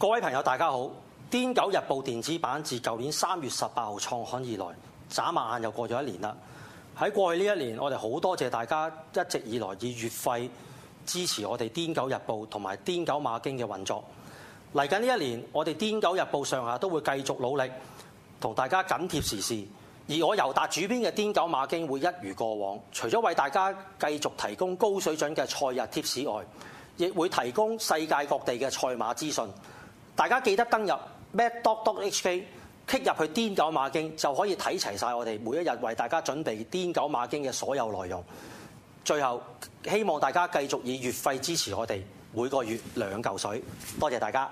各位朋友，大家好。《癲狗日報》電子版自舊年三月十八號創刊以來，眨眼又過咗一年啦。喺過去呢一年，我哋好多謝大家一直以來以月費支持我哋《癲狗日報》同埋《癲狗馬經》嘅運作。嚟緊呢一年，我哋《癲狗日報》上下都會繼續努力同大家緊貼時事，而我由達主編嘅《癲狗馬經》會一如過往，除咗為大家繼續提供高水準嘅賽日貼士外，亦會提供世界各地嘅賽馬資訊。大家記得登入 mad dot dot hk，click 入去癲狗馬經，就可以睇齊晒我哋每一日為大家準備癲狗馬經嘅所有內容。最後希望大家繼續以月費支持我哋，每個月兩嚿水。多謝大家。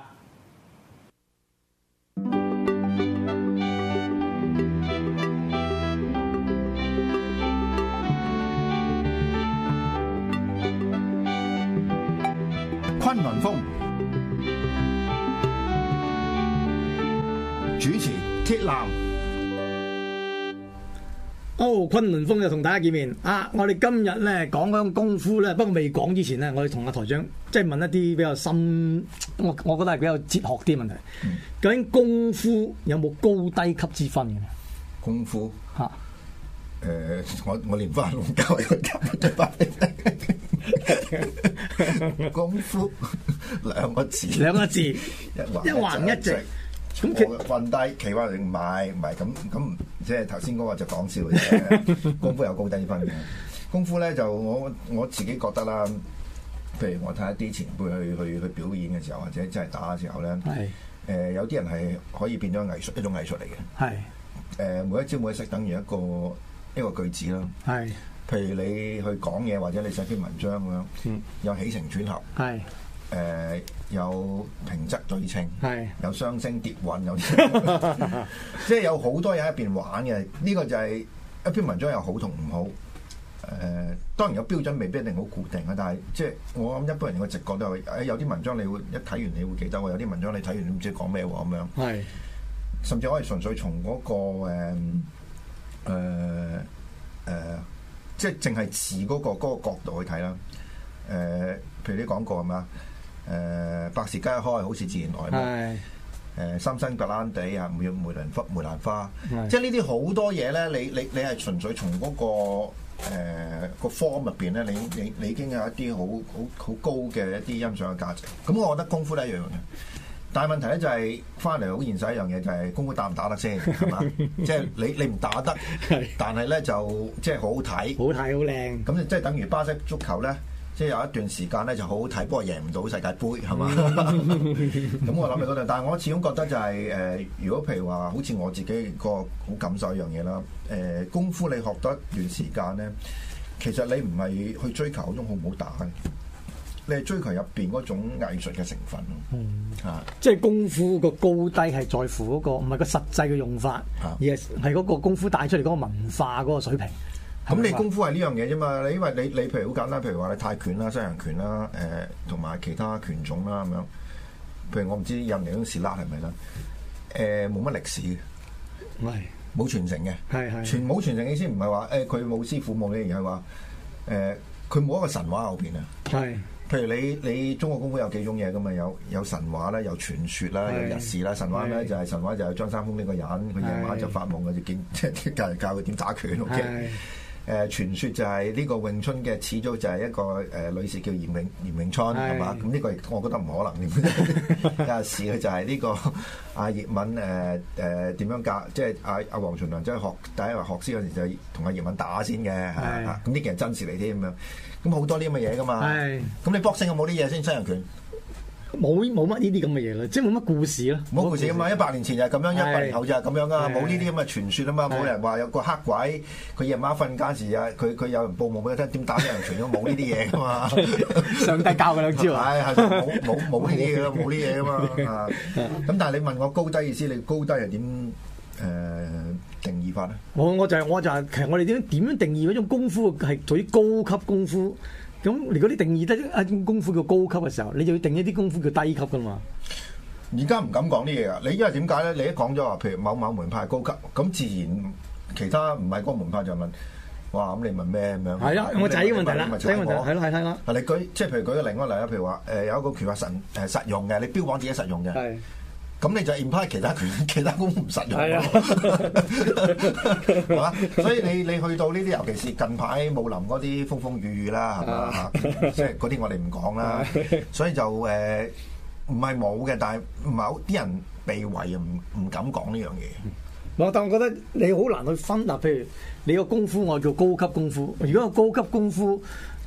崑崙風主持鐵男，哦、oh,，崑崙風又同大家見面啊！我哋今日咧講緊功夫咧，不過未講之前咧，我哋同阿台長即係問一啲比較深，我我覺得係比較哲學啲問題，嗯。究竟功夫有冇高低級之分嘅？功夫吓，誒、啊、呃，我我連翻教嘅功夫兩個字，兩個字 一橫一直。一瞓混低企話定買，唔係咁咁，即係頭先嗰個就講笑嘅啫。 功夫有高低分嘅，功夫咧就我我自己覺得啦。譬如我睇一啲前輩去去去表演嘅時候，或者真係打嘅時候咧，係誒、呃、有啲人係可以變咗藝術，一種藝術嚟嘅。係誒、呃，每一招每一式等於一個一個句子啦。係，譬如你去講嘢或者你寫篇文章咁樣、嗯，有起承轉合。係。誒、呃，有平仄對稱，係有雙聲疊韻，有啲即係有好 多嘢喺入邊玩嘅。呢、這個就係一篇文章有好同唔好。誒、呃，當然有標準未必一定好固定啊，但係即係我諗一般人嘅直覺都係誒、哎，有啲文章你會一睇完你會記得，有啲文章你睇完你唔知講咩喎咁樣。係，甚至可以純粹從嗰、那個誒誒誒，即係淨係持嗰個、那個角度去睇啦。誒、呃，譬如啲廣告係咪誒、呃、百事皆開，好似自然來咁。誒，三星格蘭地啊，唔要梅蘭花，即係呢啲好多嘢咧。你你你係純粹從嗰、那個誒個 form 入邊咧，你你你已經有一啲好好好高嘅一啲欣賞嘅價值。咁、嗯、我覺得功夫咧一樣嘅。但係問題咧就係翻嚟好現實一樣嘢、就是，就係功夫打唔打得先，係嘛？即 係你你唔打得，但係咧就即係、就是、好好睇，好睇好靚。咁即係等於巴西足球咧。即係有一段時間咧就好好睇，不過贏唔到世界盃係嘛？咁我諗你嗰度， 但係我始終覺得就係、是、誒、呃，如果譬如話好似我自己、嗰個好感受一樣嘢啦，誒、呃、功夫你學多一段時間咧，其實你唔係去追求嗰種好唔好打，你係追求入邊嗰種藝術嘅成分咯。嗯，啊、即係功夫個高低係在乎嗰、嗰個，唔係個實際嘅用法，啊、而係係嗰個功夫帶出嚟嗰個文化嗰個水平。咁你功夫係呢樣嘢啫嘛？你因為你你譬如好簡單，譬如話你泰拳啦、西洋拳啦、誒同埋其他拳種啦咁樣。譬如我唔知印尼嗰種 Silat 係咪啦？誒冇乜歷史嘅，唔係冇傳承嘅，係係冇傳承嘅意思唔係話誒佢冇師傅冇嘢，而係話誒佢冇一個神話後邊啊。係。譬如你你中國功夫有幾種嘢㗎嘛？有有神話啦，有傳說啦，有日事啦，神話咧就係、是、神話就係張三豐呢個人，佢夜晚就發夢就見即係教人教佢點打拳咯，即誒、呃、傳説就係呢個詠春嘅始祖就係一個誒、呃、女士，叫嚴詠嚴詠春係嘛？咁呢個我覺得唔可能。 有時佢就係呢個阿、啊、葉問，誒誒點樣教，即係阿阿黃淳樑即係學第一位學師嗰陣時就同阿葉問打先嘅係，咁呢件係真事嚟添，咁樣，咁好多呢啲咁嘅嘢㗎嘛，咁你 boxing 有冇啲嘢先西洋拳？新人權冇冇乜呢啲咁嘅嘢咯，即係冇乜故事咯。冇故事啊嘛，一百年前就係咁樣，一百年後就係咁樣啊！冇呢啲咁嘅傳說啊嘛，冇人話有個黑鬼，佢夜晚瞓覺時啊，佢佢有人報夢俾佢聽，點打，俾人傳咗，冇呢啲嘢噶嘛。上帝教佢兩招，係冇冇冇呢啲嘢，冇呢嘢噶嘛。咁但係你問我高低意思，你高低係點誒定義法咧？我、就是、我就係我就係，其實我哋點點樣定義嗰種功夫係屬於高級功夫。咁如果你定義得一種功夫叫高級嘅時候，你就要定一啲功夫叫低級㗎嘛。而家唔敢講呢嘢啊！你因為點解咧？你一講咗話，譬如某某門派高級，咁自然其他唔係嗰個門派就問：哇，咁你問咩咁樣？係咯，我就係呢個仔嘅問題啦。呢、呢個問題係咯，係咯。係你，你舉，即係譬如舉個另一個例子，譬如話誒有一個拳法神誒實用嘅，你標榜自己實用嘅。咁你就 imply 其他拳其他功唔實用，係啊，係嘛？所以你你去到呢啲，尤其是近排武林嗰啲風風雨雨啦，係嘛？即係嗰啲我哋唔講啦。所以就誒，唔係冇嘅，但係某啲人被圍唔唔敢講呢樣嘢。唔係，但係我覺得你好難去分啦。譬如你個功夫，我叫做高級功夫。如果個高級功夫，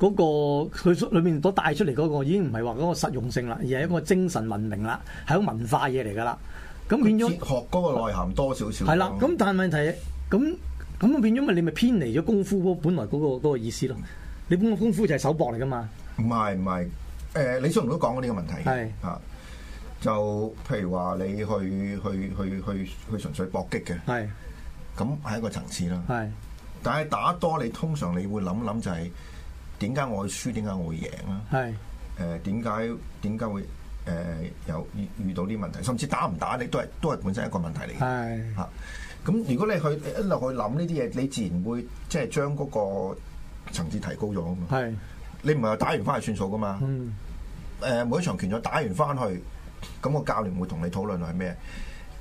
嗰個、嗰個佢裏面所帶出嚟嗰個已經唔係話嗰個實用性啦，而係一個精神文明啦，係一個文化嘢嚟㗎啦。咁變咗哲學嗰個內涵多少少。係啦，咁但係問題，咁咁啊變咗，咪你咪偏離咗功夫嗰本來嗰、嗰個嗰個意思咯。你本個功夫就係手搏嚟㗎嘛。唔係唔係，誒李小龍都講過呢個問題嘅。係啊，就譬如話你去去去去去純粹搏擊嘅，係咁係一個層次啦。係，但係打多你通常你會諗諗就係、係。點解我會輸？點解我會贏啊？係誒點解點解會誒、呃、有遇到啲問題？甚至打唔打你都係都係本身一個問題嚟嘅。係嚇咁，如果你去一落去諗呢啲嘢，你自然會即係將嗰個層次提高咗啊嘛。係你唔係打完翻去算數噶嘛？嗯。誒每一場拳賽打完翻去，咁、嗰個教練會同你討論係咩？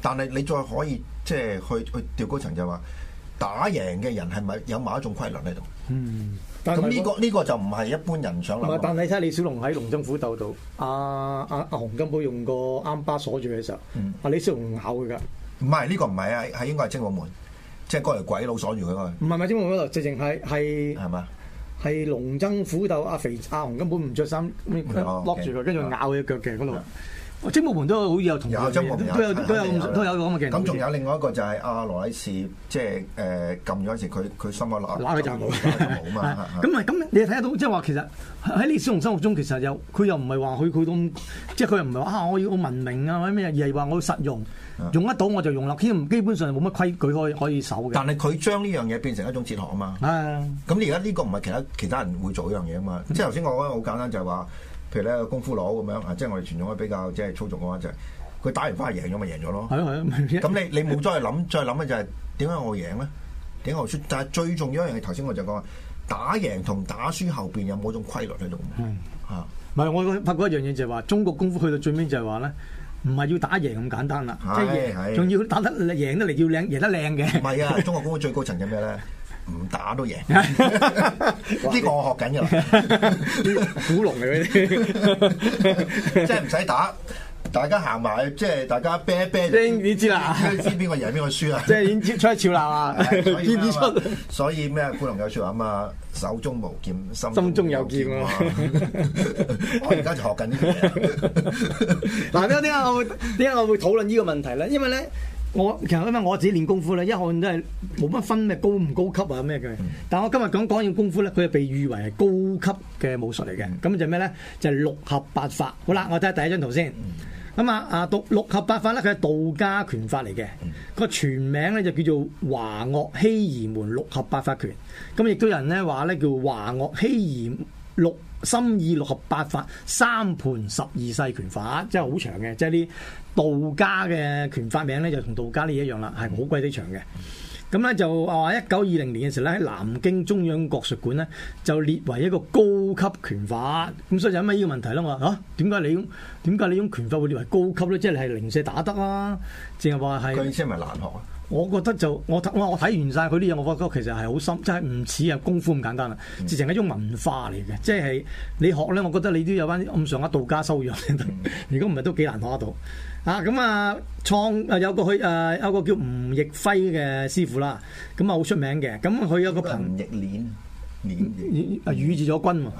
但係你再可以即係去去調高層就話打贏嘅人係咪有某一種規律喺度？嗯。但呢、呢個呢、呢個、就唔係一般人想諗。但係睇下李小龍喺《龍爭虎鬥》度，啊，阿阿阿洪金寶用個啱巴鎖住嘅時候，阿、嗯啊、李小龍咬佢㗎。唔係呢個唔係啊，係應該係精武門，即係嗰條鬼佬鎖住佢嗰唔係唔係精武門嗰度，直情係嘛？係《龍爭虎鬥》阿肥阿洪根本唔着衫，lock 住佢，跟住咬佢隻腳嘅嗰度。精武門都好有同有有都有的都有的都有咁嘅。咁仲有，有，有，有另外一個就係阿羅禮士，即係誒撳咗一時，佢、就、佢、是呃、心一冷。佢走，咁啊咁你睇到即係話，就是、 其實喺李小龍生活中，其實又佢又唔係話佢佢咁，即係佢又唔係話啊，我要個文明啊或者咩，而係話我要實用，用得到我就用啦。基基本上冇乜規矩可以可以守嘅。但係佢將呢樣嘢變成一種哲學啊嘛。咁你而家呢個唔係其他其他人會做呢樣嘢啊嘛。嗯、即係頭先我覺得好簡單就係話。譬如咧功夫佬咁樣啊，即係我哋傳統比較即係操作嘅話，就係佢打完番係贏咗咪贏咗咯。係啊，咁 你你冇再諗，再諗嘅就係點解我贏咧？點解我輸？但係最重要一樣嘢，頭先我就講打贏同打輸後邊有冇種規律喺度嘅？唔、嗯、係、啊、我發覺一樣嘢就係、是、話中國功夫去到最尾就係話咧，唔係要打贏咁簡單啦，即係仲要打得贏得嚟要靚，贏得靚嘅。唔係啊，中國功夫最高層有咩咧？ 唔打都贏，呢、 呢個我學緊噶啦， 古龍嚟嘅，即係唔使打，大家行埋，即係大家啤一啤你知啦，知邊個贏邊個輸啦，即係點出潮流啊？邊 出了 所以咩？ 古龍有說話嘛？手中無劍，心中有劍啊！ 我而家就學緊呢嘢。嗱， 點解我點解我會討論呢個問題咧？因為咧。我其實因為我自己練功夫咧，一向都係冇乜分咩高唔高級啊咩嘅。但係我今日講講完功夫咧，佢係被譽為係高級嘅武術嚟嘅。咁就咩咧？就係六合八法。好啦，我睇下第一張圖先。咁啊啊，道六合八法咧，佢係道家拳法嚟嘅。個、嗯、全名咧就叫做華岳希夷門六合八法拳。咁亦都有人咧話咧叫華岳希夷六。心意六合八法、三盤十二勢拳法，即係好長嘅，即係啲道家嘅拳法名咧，就同道家呢一樣啦，係好鬼啲長嘅。咁、嗯、咧就話一九二零年嘅時候咧，喺南京中央國術館咧，就列為一個高級拳法。咁所以有乜呢個問題啦嘛？嚇，點、啊、解你點解你用拳法會列為高級咧？即係係零舍打得啦、啊，淨係話係。係咪難學啊？我覺得就我我我睇完晒佢啲嘢，我覺得其實係好深，真係唔似啊功夫咁簡單啦，變成一種文化嚟嘅，即係你學咧，我覺得你都有翻咁上下道家修養，如果唔係都幾難學得到。啊咁啊，創啊有個佢啊有個叫吳亦輝嘅師傅啦，咁啊好出名嘅。咁佢有個彭亦練練啊，羽字咗君。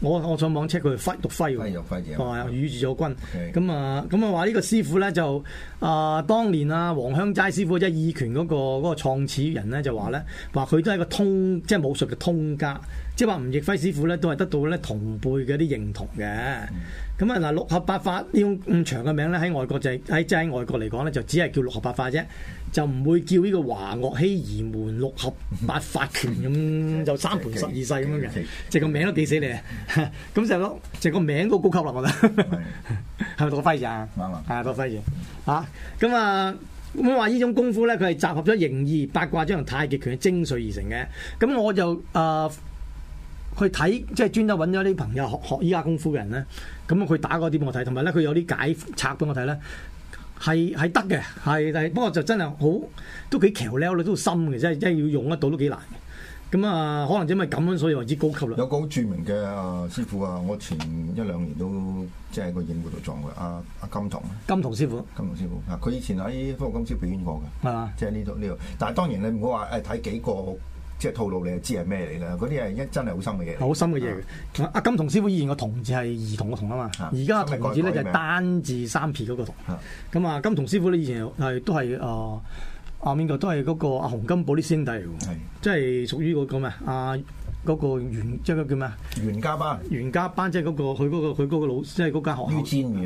我我上網 check 佢，揮獨揮喎，話遇住咗軍，咁啊咁啊話呢個師傅咧就啊、呃，當年啊王薌齋師傅即係意拳嗰個嗰、那個、創始人咧就話咧話佢都係一個通即係、就是、武術嘅通家。即係話吳亦輝師傅咧，都係得到咧同輩嘅啲認同嘅。咁啊嗱，六合八法呢種咁長嘅名咧，喺外國就喺即喺外國嚟講咧，就只係叫六合八法啫，就唔會叫呢個華嶽希夷門六合八法拳咁，就三盤十二世咁樣嘅，即係個名都記死你。咁就係咯，即個名都高級啦，我覺得。係 咪多輝啊？係多輝啊？吓咁啊？咁話呢種功夫咧，佢係集合咗形意、八卦掌、太極拳嘅精髓而成嘅。咁我就誒。呃去睇即係專登揾咗啲朋友學學依家功夫嘅人咧，咁佢打嗰啲俾我睇，同埋咧佢有啲解拆俾我睇咧，係係得嘅，係但係不過就真係好都幾橋 level 都深嘅，即係真係要用得到都幾難。咁啊，可能因為咁樣，所以為之高級啦。有個好著名嘅、啊、師傅啊，我前一兩年都即係個影幕度撞過阿阿金銅。金銅師傅。金銅師傅啊！佢以前喺科學今宵表演過嘅。啊。即係呢度呢度，但係當然你唔好話誒睇幾個。即係套路，你就知係咩嚟啦。嗰啲係一真係好深嘅嘢。好深嘅嘢。阿、啊、金同師傅以前個童字係兒童個童啊嘛。而家個童字咧就係單字三撇嗰個童。咁啊,啊，金同師傅咧以前係都係、呃、啊啊邊個都係嗰個阿洪金寶啲兄弟嚟即係屬於嗰、那個咩啊嗰、那個袁即係、就是、叫咩袁家班？袁家班即係嗰個佢嗰、那個佢嗰、那個、老即係嗰間學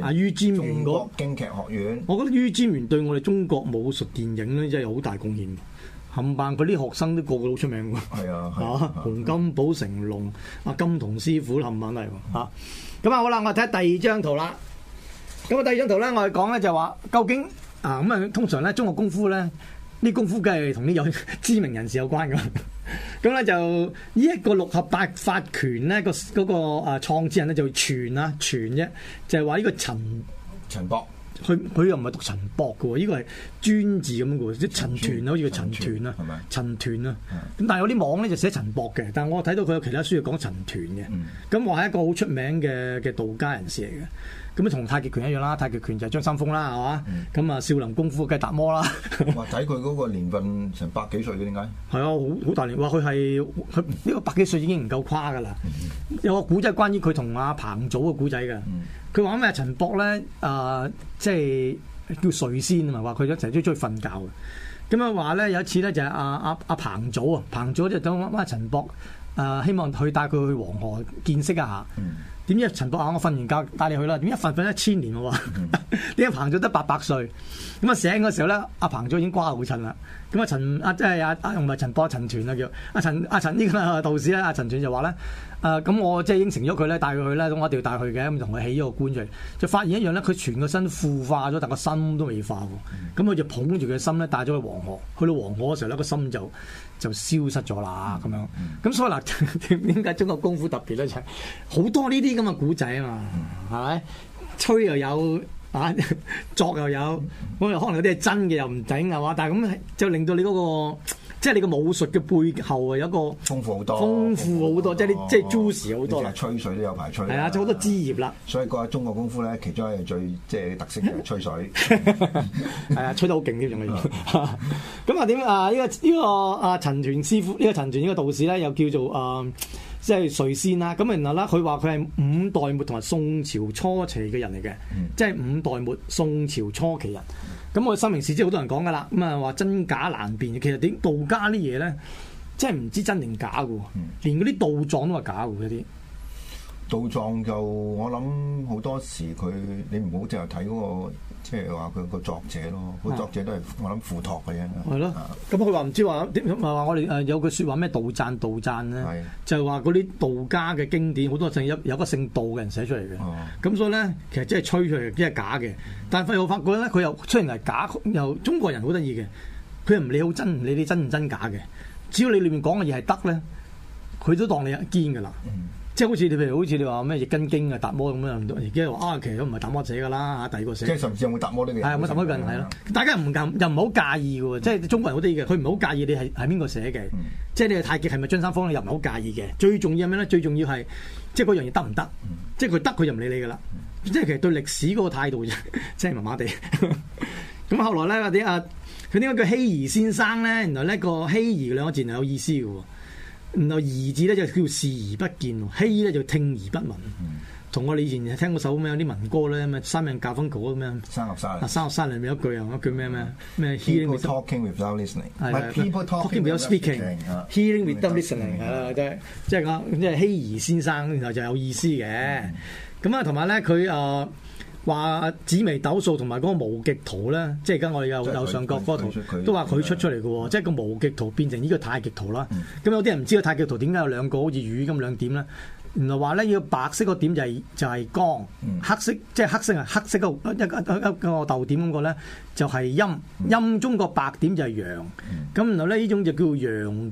校啊。于占元。中國京劇學院。我覺得于占元對我哋中國武術電影咧真係有好大貢獻。冚棒！佢啲學生個都個個好出名㗎。係啊，是啊，啊洪金寶、成龍、阿、啊啊、金童師傅冚棒嚟喎。咁啊，啊，啊、嗯嗯、好啦，我睇下第二張圖啦。咁啊第二張圖咧，我係講咧就話究竟啊咁啊通常咧中國功夫咧呢這功夫梗係同啲有知名人士有關㗎。咁、嗯、咧、 嗯、就呢一個六合八法拳咧、那個嗰個啊創始人咧就傳啊傳啫，就係話呢個陳陳博。佢佢又唔係讀陳博㗎喎，呢個係專字咁嘅喎，即係陳摶好似叫陳摶啦，陳摶啦。咁但係有啲網咧就寫陳博嘅，但係我睇到佢有其他書要講陳摶嘅。咁我係一個好出名嘅嘅道家人士嚟嘅。咁啊，同太極拳一樣啦，太極拳就係張三豐啦，係嘛？咁啊，少林功夫梗係達摩啦。同埋睇佢嗰個年份成百幾歲嘅點解？係啊，好好大年。話佢係佢呢個百幾歲已經唔夠誇噶啦。嗯、有個古仔關於佢同阿彭祖嘅古仔嘅。佢話咩？陳博咧啊、呃，即係叫睡仙啊嘛，話佢一陣都中意瞓覺嘅。咁啊話咧有一次咧就係阿阿阿彭祖啊，彭祖，彭祖就等阿阿陳博啊、呃，希望佢帶佢去黃河見識一下。嗯點知陳博啊！我瞓完覺帶你去啦。點解瞓瞓一千年喎？點解、mm-hmm. 彭祖得八百歲，咁啊醒嘅時候咧，阿彭祖已經瓜好襯啦。咁啊陳啊即係阿阿唔係陳博、啊、陳全叫啊叫阿陳阿、啊、陳呢個道士呢，阿、啊、陳全就話咧：咁、啊、我即係應承咗佢咧，帶佢去咧，咁我一定要帶佢嘅，咁同佢起咗個棺材，就發現一樣咧，佢全個身腐化咗，但個心都未化喎。咁佢就捧住佢心咧，帶咗去黃河，去到黃河嘅時候咧，個心就。就消失咗啦，咁樣咁、嗯、所以嗱，點解中國功夫特別呢？好、就係、多呢啲咁嘅古仔啊嘛，係、嗯、咪？吹又有，啊作又有，咁、嗯、可能有啲係真嘅又唔頂係嘛？但係咁就令到你嗰、嗰個。即係你個武術嘅背後啊，有一個豐富好多，豐富好多，多，多，即係、哦、你，即係招式好多吹水都有排吹，係啊，就好多枝葉啦。所以覺得中國功夫咧，其中一樣最即係特色嘅 吹水，係 啊，吹得好勁啲仲要。咁、 嗯、啊，點、這個這個、啊？呢、這個呢個啊，陳摶師父呢個陳摶呢個道士咧，又叫做啊，即、呃、係、就是、瑞仙啦。咁然後啦，佢話佢係五代末同埋宋朝初期嘅人嚟嘅、嗯，即係五代末宋朝初期人。咁我心明事即係好多人講噶啦，咁啊話真假難辨。其實點道家啲嘢咧，即係唔知真定假喎，連嗰啲道狀都係假喎。啲。道藏就我諗好多時佢你唔好淨係睇嗰個即係話佢個作者咯，個作者都係我諗附託嘅啫。係咯，咁佢話唔知話點咁話我哋誒有句說話咩？道讚道讚咧，就係話嗰啲道家嘅經典，好多成有有個姓道嘅人寫出嚟嘅。咁、嗯、所以咧，其實即係吹出嚟，即係假嘅。但係我又發覺咧，佢又雖然係假，又中國人好得意嘅，佢又唔理好真，唔理啲真唔真假嘅，只要你裏面講嘅嘢係得咧，佢都當你係堅噶啦。嗯即係好似你譬如好似你話咩易筋經啊、達摩咁樣，而家話啊，其實都唔係達摩寫噶啦，第二個寫。即係上次有冇達摩呢？嘢？係啊，達摩棍係咯。大家唔、嗯、又唔好介意嘅喎，即係中國人好得意嘅，佢唔好介意你係係邊個寫嘅、嗯。即係你係太極係咪張三豐？又唔好介意嘅。最重要係咩咧？最重要係即係嗰樣嘢得唔得？即係佢得佢就唔理你噶啦、嗯。即係其實對歷史嗰個態度即真係麻麻地。咁後來咧嗰啲啊，佢點解叫希兒先生咧？原來呢個希兒兩個字係有意思嘅喎。然後兒子咧就叫視而不見，希咧就聽而不聞。同我以前聽嗰首咩有啲民歌咧，咩三人教訓果咁樣。三六三啊，三六三裏面有一句啊，叫咩咩咩？hearing without listening，係啊，people talking without speaking，hearing without listening 啊，即係即係講即係希夷先生，然後就有意思嘅。咁啊，同埋咧佢啊。話紫微斗數同埋嗰個無極圖咧，即係而家我哋有有上角嗰個圖，都話佢出出嚟嘅，嗯、即係個無極圖變成呢個太極圖啦。咁有啲人唔知道太極圖點解有兩個好似魚咁兩點咧？原來話咧，要白色個點就係就係光，黑色即係黑色啊，黑色個一個一個個豆點咁個咧就係陰，陰中個白點就係陽。咁然後咧呢種就叫陽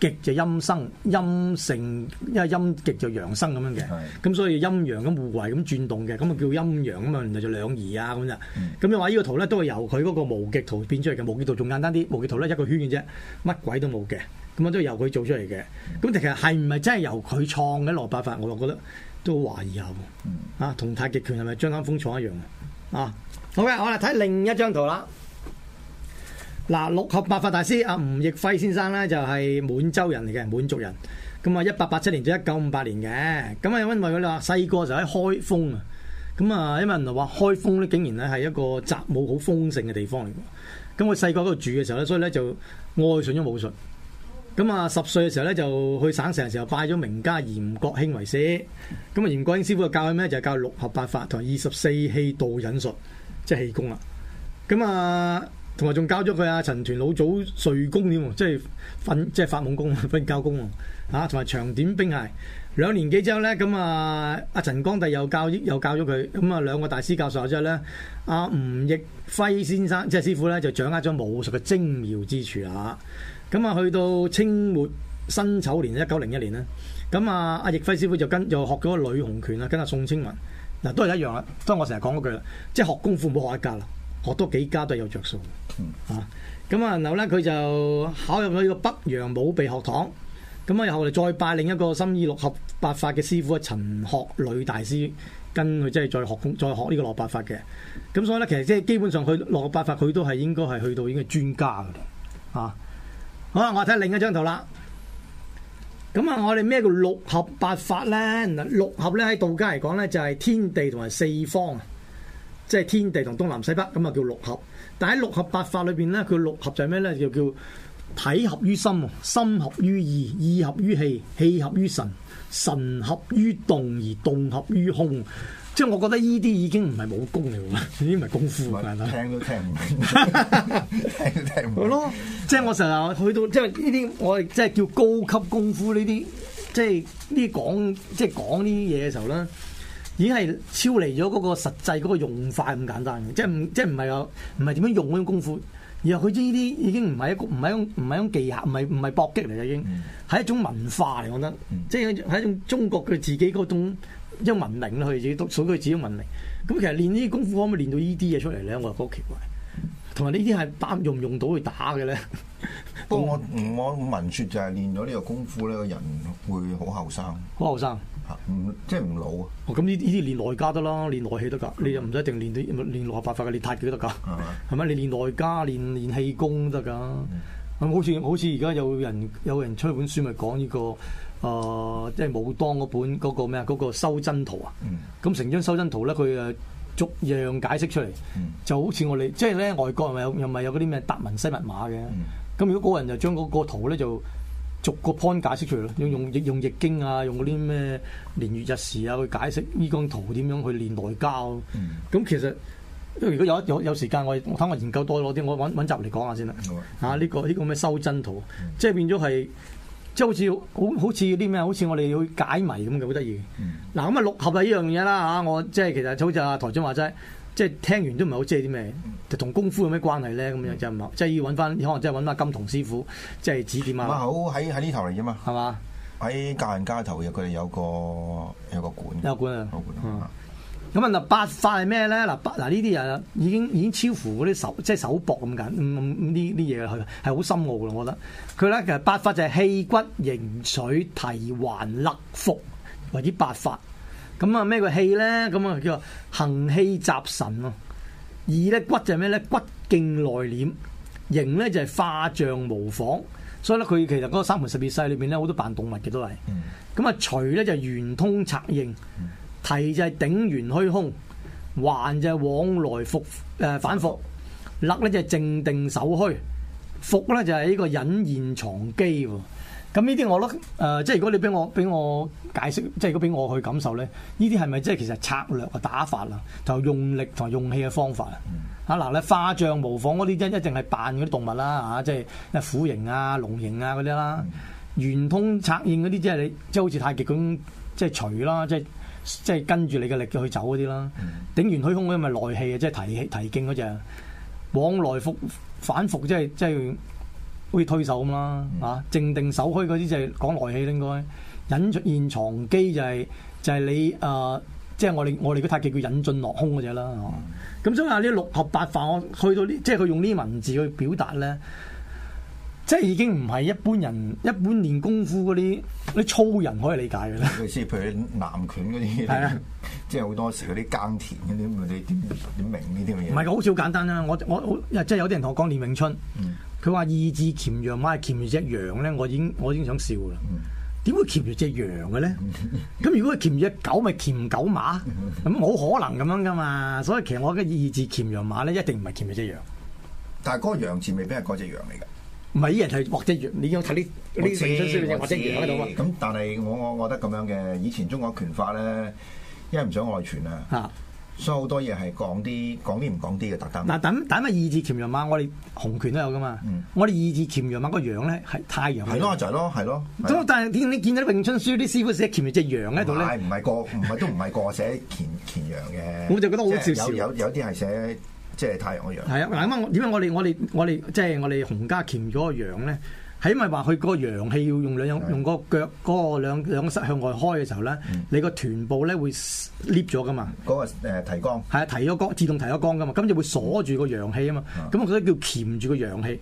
極就陰生，陰性，因為陰極就陽生咁樣嘅，咁所以陰陽咁互為咁轉動嘅，咁啊叫陰陽啊嘛，嗯、就兩儀啊咁咋，咁你話呢個圖咧都係由佢嗰個無極圖變出嚟嘅，無極圖仲簡單啲，無極圖咧一個圈嘅啫，乜鬼都冇嘅，咁啊都係由佢做出嚟嘅，咁、嗯、其實係唔係真係由佢創嘅六合八法，我話覺得都懷疑下、嗯，啊，同太極拳係咪張三豐創一樣啊？啊好嘅，我嚟睇另一張圖啦。嗱，六合八法大師阿吳亦輝先生咧，就係滿洲人嚟嘅滿族人。咁啊，一八八七年至一九五八年嘅。咁啊，有冇人問過佢話細個時候喺開封啊？咁啊，因為人哋話開封咧，竟然咧係一個習武好豐盛嘅地方嚟。咁佢細個嗰度住嘅時候咧，所以咧就愛上咗武術。咁啊，十歲嘅時候咧就去省城嘅時候拜咗名家嚴國興為師。咁啊，嚴國興師傅教佢咩？就係教六合八法同二十四氣道引術，即係氣功啦。咁啊。同埋仲教咗佢啊，陳摶老祖睡功添喎，即係瞓即係發夢功，瞓覺功喎，同埋長短兵械，兩年幾之後咧，咁啊，阿陳光第又教又教咗佢，咁啊兩個大師教授之後咧，阿吳亦輝先生即係師傅咧，就掌握咗武術嘅精妙之處嚇。咁啊，去到清末辛丑年一九零一年呢，咁啊，阿亦輝師傅就跟又學咗呂紅拳啦，跟阿宋清文嗱，都係一樣啦。所以我成日講嗰句啦，即係學功夫唔好學一格啦。學多幾家都有着數，啊、嗯，咁啊，然後咧佢就考入咗呢個北洋武備學堂，咁啊，後來再拜另一個心意六合八法嘅師傅陳鶴侶大師，跟佢即係再學再學呢個六合八法嘅，咁所以咧其實即係基本上佢六合八法佢都係應該係去到應該專家噶啦，啊，好啦，我睇另一張圖啦，咁啊，我哋咩叫六合八法咧？嗱，六合咧喺道家嚟講咧就係、是、天地同埋四方。即係天地同東南西北咁啊叫六合，但喺六合八法裏邊咧，佢六合就係咩咧？就叫體合於心，心合於意，意合於氣，氣合於神，神合於動而動合於空。即係我覺得呢啲已經唔係武功嚟喎，已經唔係功夫啦。聽都聽唔明， 聽都聽唔到係咯，即 係 我成日去到即係呢啲，就是、這些我係即係叫高級功夫呢啲，即係呢講即係、就是、講呢啲嘢嘅時候咧。已經係超離咗嗰個實際嗰個用法咁簡單嘅，即係唔即係唔係有唔係點樣用嗰種功夫，然後佢呢啲已經唔係一個唔係唔係一種技巧，唔係唔係搏擊嚟嘅，已經係一種文化嚟。我覺得即係係一種中國佢自己嗰種一文明咯，佢自己都屬於佢自己文明。咁其實練呢啲功夫可唔可以練到這些呢啲嘢出嚟咧？我覺得奇怪。同埋呢啲係打用唔用到去打嘅咧？不過我 我聞説就係練咗呢個功夫咧，人會好後生。好後生？嚇！即係唔老啊！咁呢呢啲練內家得啦，練內氣得㗎、嗯。你又唔一定練到，練六合八法嘅，練太極都得㗎。係、嗯、咪？你練內家、練練氣功得㗎。咁、嗯、好似好似而家有人有人出本書咪講呢個誒，即、呃、係、就是、武當嗰本嗰、那個咩啊？嗰、那個修真圖啊！咁、嗯、成張修真圖咧，佢誒。逐樣解釋出嚟，就好似我哋即係咧外國人有又咪有嗰啲咩達文西密碼嘅，咁、嗯、如果嗰個人就將嗰個圖咧就逐個 point 解釋出嚟咯，用用用易經啊，用嗰啲咩年月日時啊去解釋呢張圖點樣去練內交，咁、嗯、其實如果有一有有時間，我我等我研究多攞啲，我揾揾集嚟講下先啦、嗯。啊，呢、呢個呢、呢個咩修真圖，嗯、即係變咗係。即係好似好好似啲咩，好似我哋要解謎咁嘅，好得意。嗱咁啊，六合啊呢樣嘢啦吓，我即係其實好似阿台長話齋，即係聽完都唔係好知啲咩，就同功夫有咩關係咧？咁樣就唔即係要揾翻，可能即係搵返金童師傅即係指點啊。好喺喺呢頭嚟啫嘛，係嘛？喺教人家頭嘅，佢哋有個有個館。有館啊。咁啊嗱，八法係咩咧？嗱，嗱呢啲人已經已經超乎嗰啲手即係手搏咁緊，呢啲嘢佢係好深奧嘅，我覺得。佢咧其實八法就係氣骨形隨提還勒、伏或者八法。咁啊咩個氣咧？咁啊叫行氣集神咯。而咧骨就係咩咧？骨勁內斂，形咧就係化象模仿。所以咧佢其實嗰個三盤十二勢裏邊咧好多扮動物嘅都係。咁、嗯、啊，隨、嗯、咧就圓通策應。提就係頂完虛空，還就係往來復誒、呃、反覆，勒咧就係靜定守虛，伏咧就係呢個隱現藏機。咁呢啲我覺得誒，即係如果你俾我俾我解釋，即係如果俾我去感受咧，呢啲係咪即係其實策略嘅打法啦，就係、用力同埋用氣嘅方法啊？嗯、啊嗱，你化像模仿嗰啲一一定係扮嗰啲動物啦，嚇即係咩虎形啊、龍形啊嗰啲啦，圓通策應嗰啲即係你即係好似太極咁即係除啦，即、就、係、是。就是即、就、係、是、跟住你嘅力去走嗰啲啦，頂完虛空，嗰啲咪內氣啊，即、就、係、是、提提勁嗰隻，往來復反復即係即係好似推手咁啦，啊，靜定守虛嗰啲就係講內氣啦，應該隱現藏機就係、是、就係、是、你啊，即、呃、係、就是、我哋我哋嗰太極叫引進落空嗰隻啦，咁、嗯、所以話呢六合八法，我去到呢即係佢用呢啲文字去表達咧。即係已經唔係一般人一般練功夫嗰啲啲粗人可以理解嘅咧。意思，譬如南拳嗰啲，即係好多時嗰啲耕田嗰啲，你點點明呢啲嘢？唔係，好少簡單啦。我我即係有啲人同我講練詠春，佢、嗯、話二字鉗羊馬係鉗住隻羊咧，我已經我已經想笑啦。點、嗯、會鉗住隻羊嘅咧？咁 如果佢鉗住隻狗，咪、就、鉗、是、狗馬咁冇 可能咁樣噶嘛？所以其實我覺得「二字鉗羊馬咧，一定唔係鉗住隻羊。但係嗰個羊字未必係隻羊嚟嘅。唔係啲人係或者羊，你要睇啲《詠春書》嘅或者羊喺度。咁但係我我我覺得咁樣嘅以前中國拳法咧，因為唔想外傳啊，所以好多嘢係講啲講啲唔講啲嘅，特登。嗱，等等咪二字鉗羊馬，我哋紅拳都有噶嘛。嗯、我哋二字鉗羊馬個羊咧係太陽。係咯，就係咯，係咯。咁但係你你見到詠春書啲師傅寫鉗住隻羊喺度咧，唔係個唔係都唔係個寫鉗鉗羊嘅。我就覺得好好笑。即係、就係、有有有啲係寫。即係太陽嘅陽。係啊，嗱咁點解，們們就是、們因為我哋我哋我哋即係我哋洪家鉗嗰個陽咧，係因為話佢個陽氣要用兩用個腳嗰、那個、兩兩個膝向外開嘅時候咧，的你個臀部咧會 lift 咗噶嘛。嗰個誒提肛，係啊，提咗肛，自動提咗肛噶嘛，咁就會鎖住個陽氣啊嘛。咁我覺得叫鉗住個陽氣，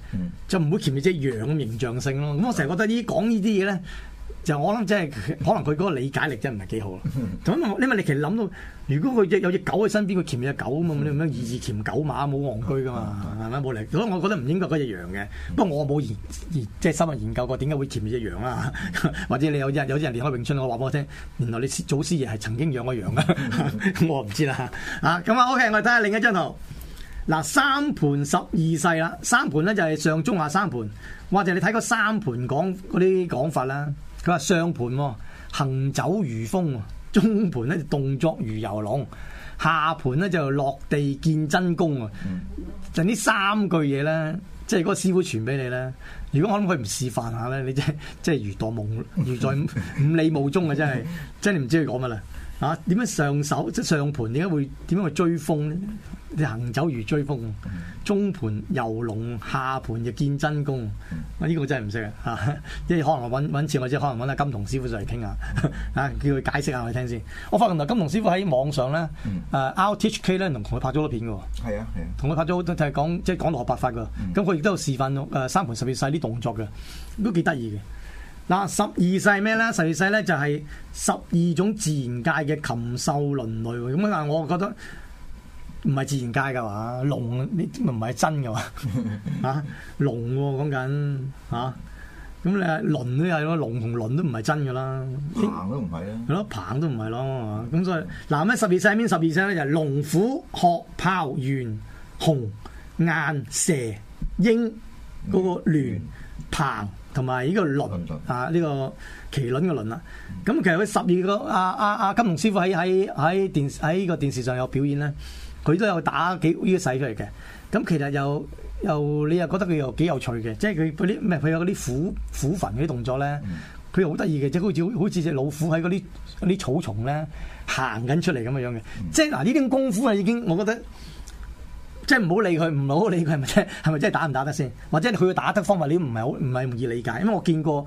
就唔會鉗住陽陽形象性咯。咁我成日覺得這些講這些東西呢講呢啲嘢咧。就我諗，真係可能佢嗰個理解力真唔係幾好咯。咁 因為你其實諗到，如果佢有隻狗喺身邊，佢面隻狗咁你咁樣以二潛狗馬冇望居噶嘛，係咪冇嚟？如果我覺得唔應該嗰隻羊嘅， 不過我冇研即係深入研究過點解會潛隻羊啊，或者你有隻有隻人嚟開永春，我話俾我聽，原來你祖師爺係曾經養過羊噶， 我唔知啦啊。咁啊，OK，我睇下另一張圖嗱，三盤十二世啦，三盤咧就係上中下三盤，或者你睇個三盤講嗰啲講法啦。佢話上盤喎，行走如風；中盤咧，動作如遊龍；下盤咧就落地見真功啊、嗯！就呢、係、三句嘢咧，即係嗰個師傅傳俾你咧。如果我諗佢唔示範下咧，你真即係如墮夢，如在五里霧中啊！ 真係真係唔知佢講乜啦～啊！點樣上手即係上盤？點解會點樣去追風咧？行走如追風，中盤遊龍，下盤亦見真功。嗯這個、真啊！呢個真係唔識啊！即係可能我揾揾錢，或者可能揾阿金童師傅上嚟傾下，嗯、啊叫佢解釋下我哋聽先。我發覺金童師傅喺網上咧、嗯，啊 RTHK 咧同佢拍咗好多片嘅喎。啊同佢、啊、拍咗好多，就係講即係講到漢八法嘅。咁佢亦都有示範誒、呃、三盤十二勢啲動作嘅，都幾得意嘅。嗱，十二世咩咧？十二世咧就係十二種自然界嘅禽獸麟類咁，但係，我覺得唔係自然界噶嘛，龍呢咪唔係真嘅話 啊？龍講緊啊？咁你麟都有個龍同麟都唔係真噶啦，鵬都唔係啊，係咯，鵬都唔係咯，咁、啊、所以嗱，咩十二世邊十二世咧就係龍虎鶴豹猿熊雁蛇鷹嗰、嗰個麟鵬。嗯同埋呢個輪啊，呢、呢個麒麟嘅輪啦。咁其實佢十二個阿阿阿金龍師傅喺喺喺電喺呢個電視上有表演咧，佢都有打幾呢個使出嚟嘅。咁其實又又你又覺得佢又幾有趣嘅，即係佢啲咩佢有嗰啲虎虎墳啲動作咧，佢、嗯、好得意嘅，即係好似好似隻老虎喺嗰啲啲草叢咧行緊出嚟咁嘅樣嘅。即係嗱呢啲功夫係已經我覺得。即係唔好理佢，唔好理佢係咪即係係咪真係打唔打得先，或者佢嘅打得方法你唔係好唔係容易理解，因為我見過誒嗰、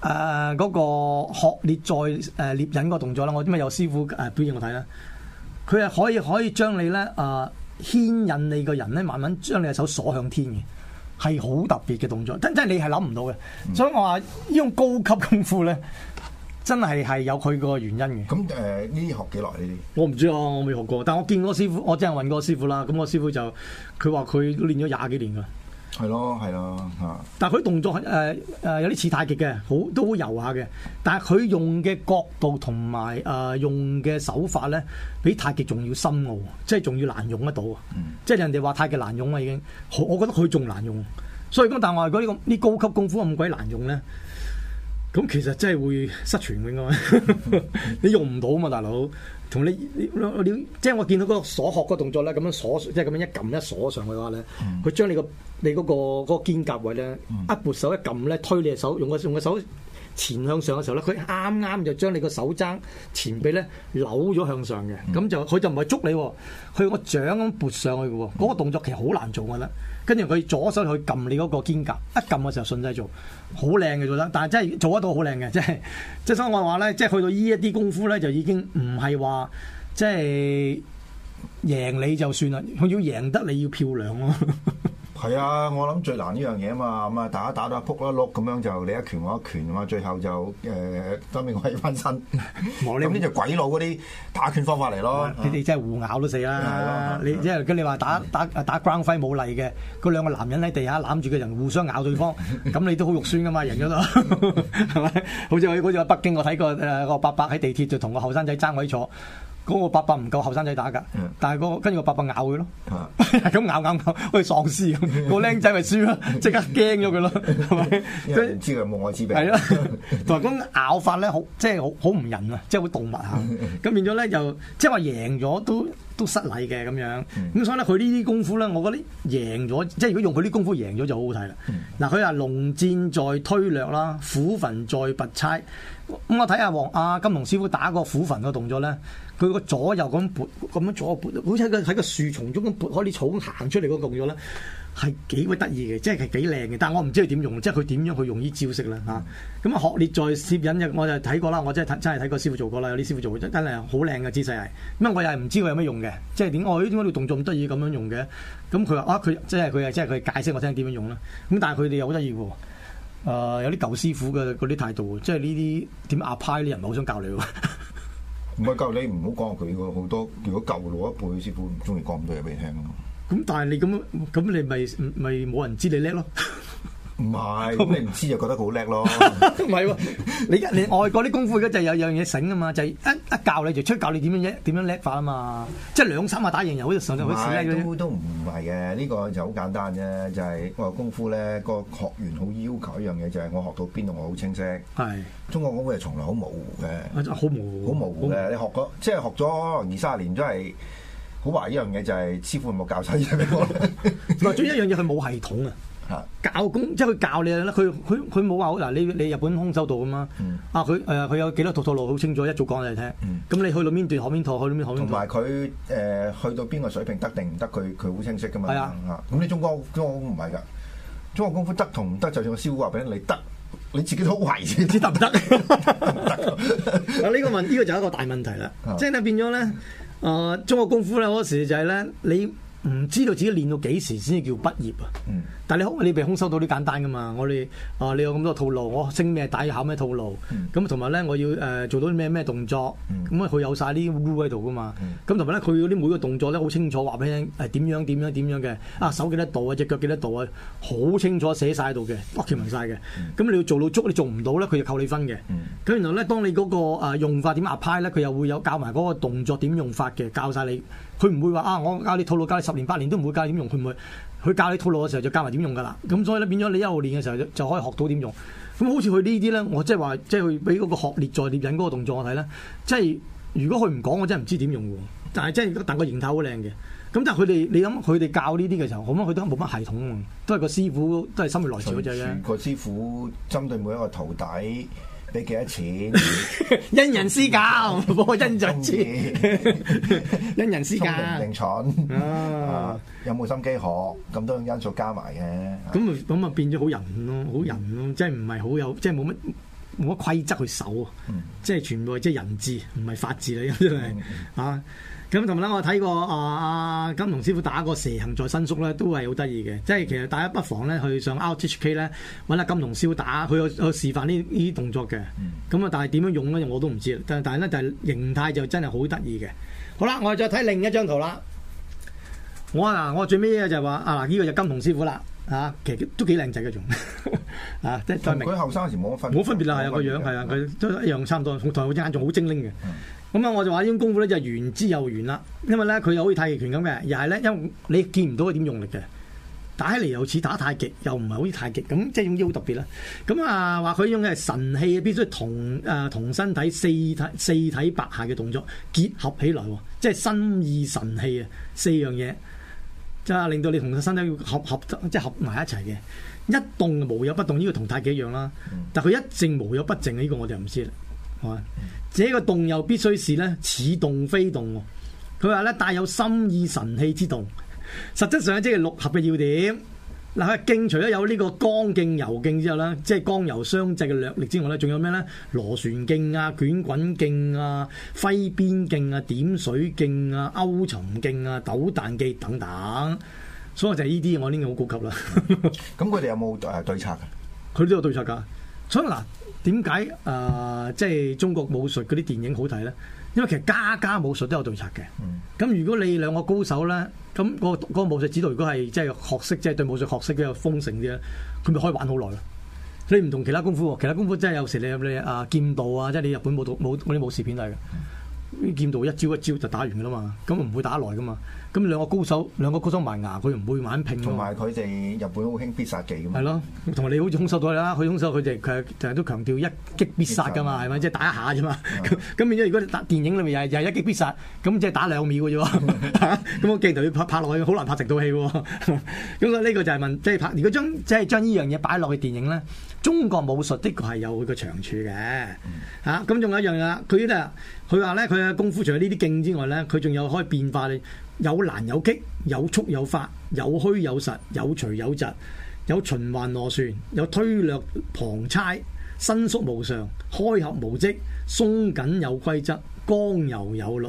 呃那個學在、呃、獵在獵人個動作啦，我今日有師傅誒表演我睇啦，佢係可以可以將你咧誒、呃、牽引你個人咧，慢慢將你隻手鎖向天嘅，係好特別嘅動作，真真係你係諗唔到嘅，所以我話呢種高級功夫咧。真係係有佢個原因嘅。咁誒呢啲學幾耐？呢啲我唔知啊，我未學過。但係我見過師傅，我真係問過師傅啦。咁個師傅就佢話佢練咗廿幾年㗎。係咯，係咯，嚇！但係佢動作誒、呃呃、有啲似太極嘅，好都好柔下嘅。但係佢用嘅角度同埋誒用嘅手法咧，比太極仲要深奧，即係仲要難用得到。嗯。即係人哋話太極難用啊，已經。我覺得佢仲難用。所以咁，但係我話嗰啲咁啲高級功夫咁鬼難用咧。咁其實真係會失傳嘅嘛、嗯 嗯，你用唔到嘛，大佬。同你，你即係、就是、我見到嗰個鎖殼嗰動作咧，咁樣鎖，即係咁樣一撳一鎖上去嘅話咧，佢、嗯、將你，你、嗰個你嗰、嗰個肩胛位咧、嗯，一撥手一撳咧，推你隻手，用個用個手。前向上嘅時候咧，佢啱啱就將你個手踭前臂咧扭咗向上嘅，咁就佢就唔係捉你，佢個掌咁撥上去嘅，嗰個動作其實好難做㗎啦。跟住佢左手去撳你嗰個肩胛，一撳嘅時候順勢做，好靚嘅做得，但係真係做得到好靚嘅，即係即係所以我話咧，即係去到呢一啲功夫咧，就已經唔係話即係贏你就算啦，佢要贏得你要漂亮啊！ 係啊，我諗最難呢樣嘢啊嘛，咁啊大打到一仆一碌咁樣就你一拳我一拳啊嘛，最後就誒當兵鬼翻身。咁呢 就鬼佬嗰啲打拳方法嚟咯，你哋真係互咬都死啦、嗯！你即係咁你話打打打格鬥揮武嘅嗰兩個男人喺地下攬住嘅人互相咬對方，咁你都好肉酸噶嘛，贏咗都，係 咪？好似我好似喺北京我睇過誒個伯伯喺地鐵就同個後生仔爭位坐。嗰、那個伯伯唔夠後生仔打㗎，但係、那個跟住個伯伯咬佢咯，咁、啊、 咬咬咬，喪、那個、 咬好似喪屍咁，個僆仔咪輸咯，即刻驚咗佢咯，唔知佢有冇艾滋病？係咯，同埋講咬法咧，好即係好好唔忍啊，即係好動物吓。咁變咗咧，就即係話贏咗都都失禮嘅咁樣。咁、嗯、所以咧，佢呢啲功夫咧，我覺得贏咗，即係如果用佢啲功夫贏咗就好好睇啦。嗱、嗯，佢話龍戰在推略啦，虎焚在拔差。咁我睇下黃阿金龍師傅打個虎焚個動作咧。佢個左右咁撥咁樣左好似喺個喺個樹叢中咁撥開啲草咁行出嚟嗰個動作咧，係幾鬼得意嘅，即係幾靚嘅。但我唔知佢點用，即係佢點樣去用呢招式咧嚇。咁啊、嗯嗯，學列在攝影我就睇過啦，我真係真係睇過師傅做過啦，有啲師傅做過真係好靚嘅姿勢嚟。咁我又係唔知佢有咩用嘅，即係點我咦點解呢個動作咁得意咁樣用嘅？咁佢話啊，佢即係佢啊，即係佢解釋我聽點樣用啦。咁但係佢哋又好得意喎。誒有啲舊師傅嘅嗰啲態度，即係呢啲點阿派啲人唔係好想教你喎。 唔係，教你唔好講佢個好多。如果舊老一輩師傅唔中意講咁多嘢俾你聽咯。咁但係你咁樣咁，你咪咪冇人知你叻咯。 唔係，咁你唔知就覺得佢好叻咯 是、啊。唔係喎，你你外國啲功夫而家就是有有樣嘢醒㗎嘛，就係、是、一一教你就出教你點樣叻，點樣叻法啊嘛。即係兩三下打贏又好似成日好似都唔係嘅，呢、這個就好簡單啫。就係、是、我的功夫咧、那個學員好要求一樣嘢，就係我學到邊度我好清晰。係中國功夫係從來好模糊嘅，好、啊、模糊的，好模糊嘅。你學咗即係學咗二三十年都係好懷疑一樣嘢，就係師傅冇教曬。唔 係，最一樣嘢佢冇系統啊。教功即係佢教你啦，佢佢佢冇話嗱你你日本空手道咁嘛？嗯、啊佢誒佢有幾多套套路，好清楚，一早講你聽，咁、嗯、你去到邊段學邊套，去到邊學邊套。同埋佢誒去到邊個水平得定唔得，佢佢好清晰噶嘛。係啊，咁你中國中國唔係噶，中國功夫得同唔得，就算個師傅話俾你得，你自己都好懷疑，知得唔得。 啊呢、這個問呢、這個就係一個大問題啦、嗯，即係咧變咗咧，誒、呃、中國功夫咧嗰時就係咧，你唔知道自己練到幾時先至叫畢業啊。嗯但你好，你被空收到啲簡單噶嘛？我哋啊，你有咁多套路，我升咩打要考咩套路，咁同埋咧，我要誒、呃、做到啲咩咩動作，咁、嗯、啊，佢有晒啲烏喺度噶嘛？咁同埋咧，佢嗰啲每個動作咧，好清楚話俾你聽，誒、啊、點樣點樣點樣嘅，啊手幾多度啊，隻腳幾多度啊，好清楚寫晒喺度嘅，document 曬嘅。咁、嗯嗯嗯、你要做到足，你做唔到咧，佢就扣你分嘅。咁、嗯、然後咧，當你嗰個用法點 apply 咧，佢又會有教埋嗰個動作點用法嘅，教晒你。佢唔會話啊，我教你套路，教你十年八年都唔會教你點用，佢唔會。佢教你套路嘅時候就教埋點用㗎喇，咁所以呢變咗你一號練嘅時候就可以學到點用。咁好似佢呢啲呢，我就是說即係話即係佢俾嗰個學獵在獵引嗰個動作我睇呢，即係如果佢唔講，我真係唔知點用喎。但係即係但個形態好靚嘅，咁但係佢哋你諗佢哋教呢啲嘅時候，我諗佢都冇乜系統喎，都係個師傅都係心血來潮嗰隻啫。個師傅針對每一個徒弟。俾幾多錢？ 因人施思教， 我 因人錢，因人施教。產定蠢啊？有冇、啊、心機學，咁多因素加埋嘅。咁啊咁啊，變咗好人咯，好人咯，即係唔係好有，即係冇乜冇乜規則去守啊！即、嗯、係、就是、全部即係人治，唔係法治、嗯、真係啊！咁同埋咧，我睇過啊金童師傅打個蛇行再伸縮咧，都係好得意嘅。即係其實大家不妨咧去上 Out HK 咧，揾阿金童師傅打，佢有示範呢呢啲動作嘅。咁、嗯、啊，但係點樣用咧，我都唔知。但係但咧，就係、是、形態就真係好得意嘅。好啦，我哋再睇另一張圖啦。我嗱，我最尾嘅就係話啊，呢、這個就金童師傅啦啊，其實都幾靚仔嘅仲啊，即係再明佢後生時冇分冇分別啦，係有個樣係啊，佢都一樣差唔多，同埋佢隻眼仲好精靈嘅。嗯咁啊，我就話呢種功夫咧就玄之又玄啦，因為咧佢又好似太極拳咁嘅，又係咧，因為你見唔到佢點用力嘅，打起嚟又似打太極，又唔係好似太極，咁即係種好特別啦。咁、嗯、啊，話佢用嘅係神氣必須同誒、啊、同身體四體四體百骸嘅動作結合起來，哦、即係心意神氣啊，四樣嘢，即係令到你同佢身體合合，合即係合埋一齊嘅，一動無有不動，呢、這個同太極一樣啦。但係佢一靜無有不靜呢、這個我哋就唔知啦，係嘛。呢、這個動又必須是咧似動非動，佢話咧帶有心意神氣之動，實質上咧即係六合嘅要點。嗱，勁除咗有呢個剛勁柔勁之後咧，即係剛柔相濟嘅略力之外咧，仲有咩咧？螺旋勁啊、捲滾勁啊、揮鞭勁啊、點水勁啊、勾沉勁啊、抖彈勁等等。所以就係呢啲，我呢啲好高級啦。咁佢哋有冇誒對策嘅？佢都有對策㗎。所以嗱。點解啊，即係中國武術嗰啲電影好睇咧？因為其實家家武術都有對拆嘅。咁如果你兩個高手咧，咁、嗰個、嗰個武術指導如果係即係學識，即係對武術學識比較豐盛啲咧，佢咪可以玩好耐咯？你唔同其他功夫，其他功夫真係有時你你啊劍道啊，即係你日本武道啲武、武、武士片睇嘅，啲、嗯、劍道一招一招就打完噶啦嘛，咁唔會打得耐噶嘛。咁兩個高手，兩個高手埋牙，佢唔會玩拼咯。同埋佢哋日本好興必殺技咁。係咯，同埋你好似空手道啦，佢空手佢哋佢成日都強調一擊必殺噶嘛，係咪？即係、就是、打一下啫嘛。咁 變咗，如果打電影裏面又係又係一擊必殺，咁即係打兩秒嘅啫喎。咁我鏡頭要拍拍落去，好難拍成套戲喎。咁啊，呢個就係問即係、就是、拍如果將即係、就是、將呢樣嘢擺落去電影咧，中國武術的確係有佢個長處嘅嚇。咁、嗯、仲、啊、有一樣嘢佢咧佢話咧，佢嘅功夫除咗呢啲勁之外咧，佢仲有可以變化你。有難有棘，有速有法，有虛有實，有隨有疾，有循環螺旋，有推略旁差，伸縮無常，開合無迹，鬆緊有規則，剛柔有律。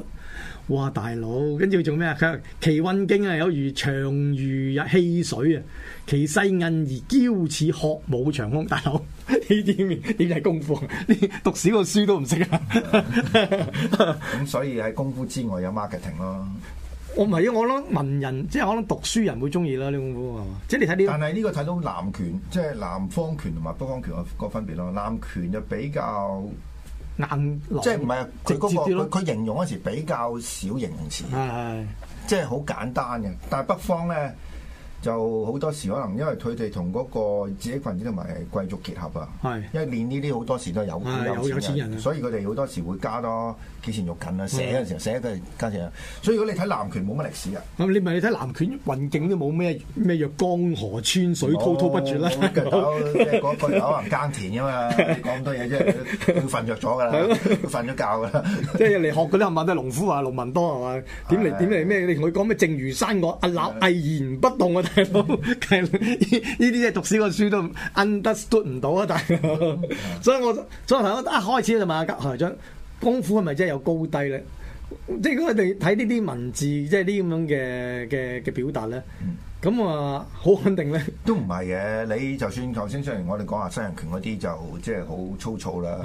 哇大佬，跟住要做咩啊？佢其運勁啊，有如長魚入戲水啊，其細韌而嬌似鶴舞長空。大佬呢啲面點解功夫？你讀少個書都唔識呀。咁 所以喺功夫之外有 marketing 咯。我唔係啊！我諗文人即係可能讀書人會中意啦呢種，即係你睇呢、這個？但係呢個睇到南拳，即、就、係、是、南方拳同埋北方拳個個分別咯。南拳就比較硬，即係唔係佢嗰個佢形容嗰時比較少形容詞，係即係好簡單嘅。但係北方咧。就好多時可能因為佢哋同嗰個知識份子同埋貴族結合啊，因為練呢啲好多時都有，有有錢人，所以佢哋好多時會加多幾錢肉緊啊，寫嗰陣時候寫都係加錢，所以如果你睇南拳冇乜歷史啊，你咪 要睇南拳運勁都冇咩咩若江河穿水滔滔不絕咧，個嗰個可能耕田噶嘛，講咁多嘢啫，係瞓着咗噶啦，瞓咗覺噶啦，即係你學嗰啲阿媽都農夫啊農民多係、啊、嘛，點嚟點嚟咩？你同佢講咩？正如山我阿老巍然不動、啊呢啲即係讀少個書都 understood 唔到啊！但係， 所以我，所以我頭先一開始就問阿何台長，功夫係咪真係有高低咧？即係如果佢哋睇呢啲文字，即係啲咁樣嘅嘅嘅表達咧，咁啊，好肯定咧，都唔係嘅。你就算頭先雖然我哋講下西洋拳嗰啲，就即係好粗糙啦，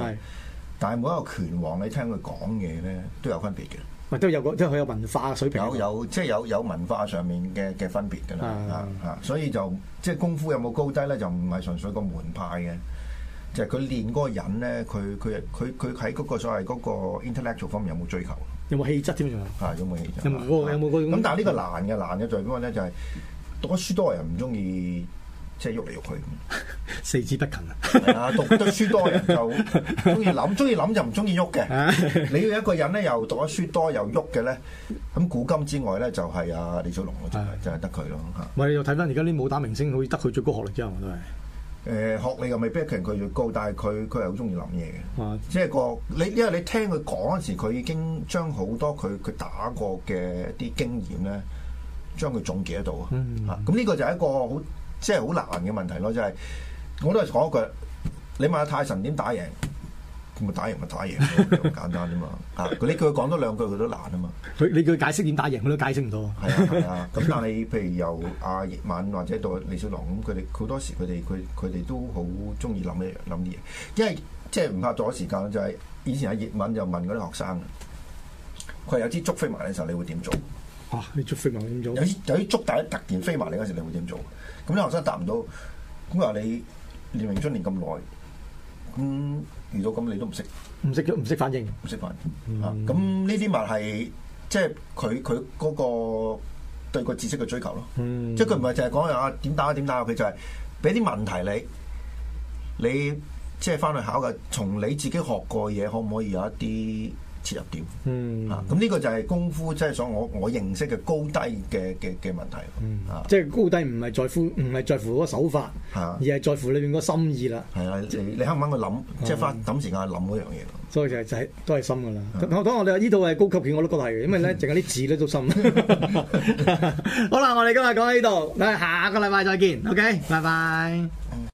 但係每一個拳王，你聽佢講嘢咧，都有分別嘅。都有個，即係佢有文化水平。有有，即係有有文化上面嘅嘅分別㗎啦。啊所以就即係功夫有冇高低咧，就唔係純粹講門派嘅，就係佢練嗰個人咧，佢佢佢佢喺嗰個所謂嗰個 intellectual 方面有冇追求？有冇氣質添啊？有冇氣質？有冇有冇嗰種？咁但係呢個難嘅難嘅就係邊個咧？就係讀得書多人唔中意。即係喐嚟喐去，四肢不勤。啊！讀得書多嘅人就中意諗，中意諗就唔中意喐嘅。 你要一個人咧，又讀得書多又喐嘅咧，咁古今之外咧，就係、是、阿、啊、李小龍嗰就係得佢咯嚇。你又睇翻而家啲武打明星，好似得佢最高學歷啫嘛，都、欸、係。誒學歷又未必比佢要高，但係佢佢好中意諗嘢嘅。即係、啊就是、個你，因為你聽佢講嗰時，佢已經將好多佢佢打過嘅啲經驗咧，將佢總結喺度、嗯、啊。咁呢個就係一個好。即係好難嘅問題咯，就係、是、我都係講一句，你問阿泰臣點打贏，佢咪打贏咪打贏，咁簡單啫嘛。 啊，佢呢句講多兩句佢都難啊嘛。佢你叫佢解釋點打贏，佢都解釋唔到。係啊係啊。咁、啊、但係譬如由阿葉問或者到李小龍咁，佢哋好多時佢哋佢佢哋都好中意諗一諗啲嘢，因為即係唔怕阻時間，就係、是、以前阿葉問就問嗰啲學生，佢有支竹飛埋嘅時候，你會點做？啊，你捉飛埋點做？有啲有啲捉大一突然飛埋你嗰時，你會點做？咁啲學生答唔到，咁話你練詠春練咁耐，咁、嗯、遇到咁你都唔識，唔識唔識反應，唔識反應。咁呢啲咪係即係佢佢嗰個對個知識嘅追求咯。嗯、即係佢唔係淨係講啊點打啊點打佢、啊、就係俾啲問題你，你即係翻去考嘅，從你自己學過嘢，可唔可以有一啲？切入點，嗯，咁、啊、呢個就係功夫，即係所我我認識嘅高低嘅嘅嘅問題，嗯啊、即係高低唔係在乎唔係在乎嗰手法，啊、而係在乎裏邊嗰心意啦，係啊，你肯唔肯去諗、嗯，即係花揼、嗯、時間諗嗰樣嘢，所以就係、就係、都係深噶啦、嗯。我講我哋呢度係高級片，我都覺得係，因為咧淨係啲字咧都深。 好啦，我哋今日講喺呢度，下個禮拜再見。OK，拜拜。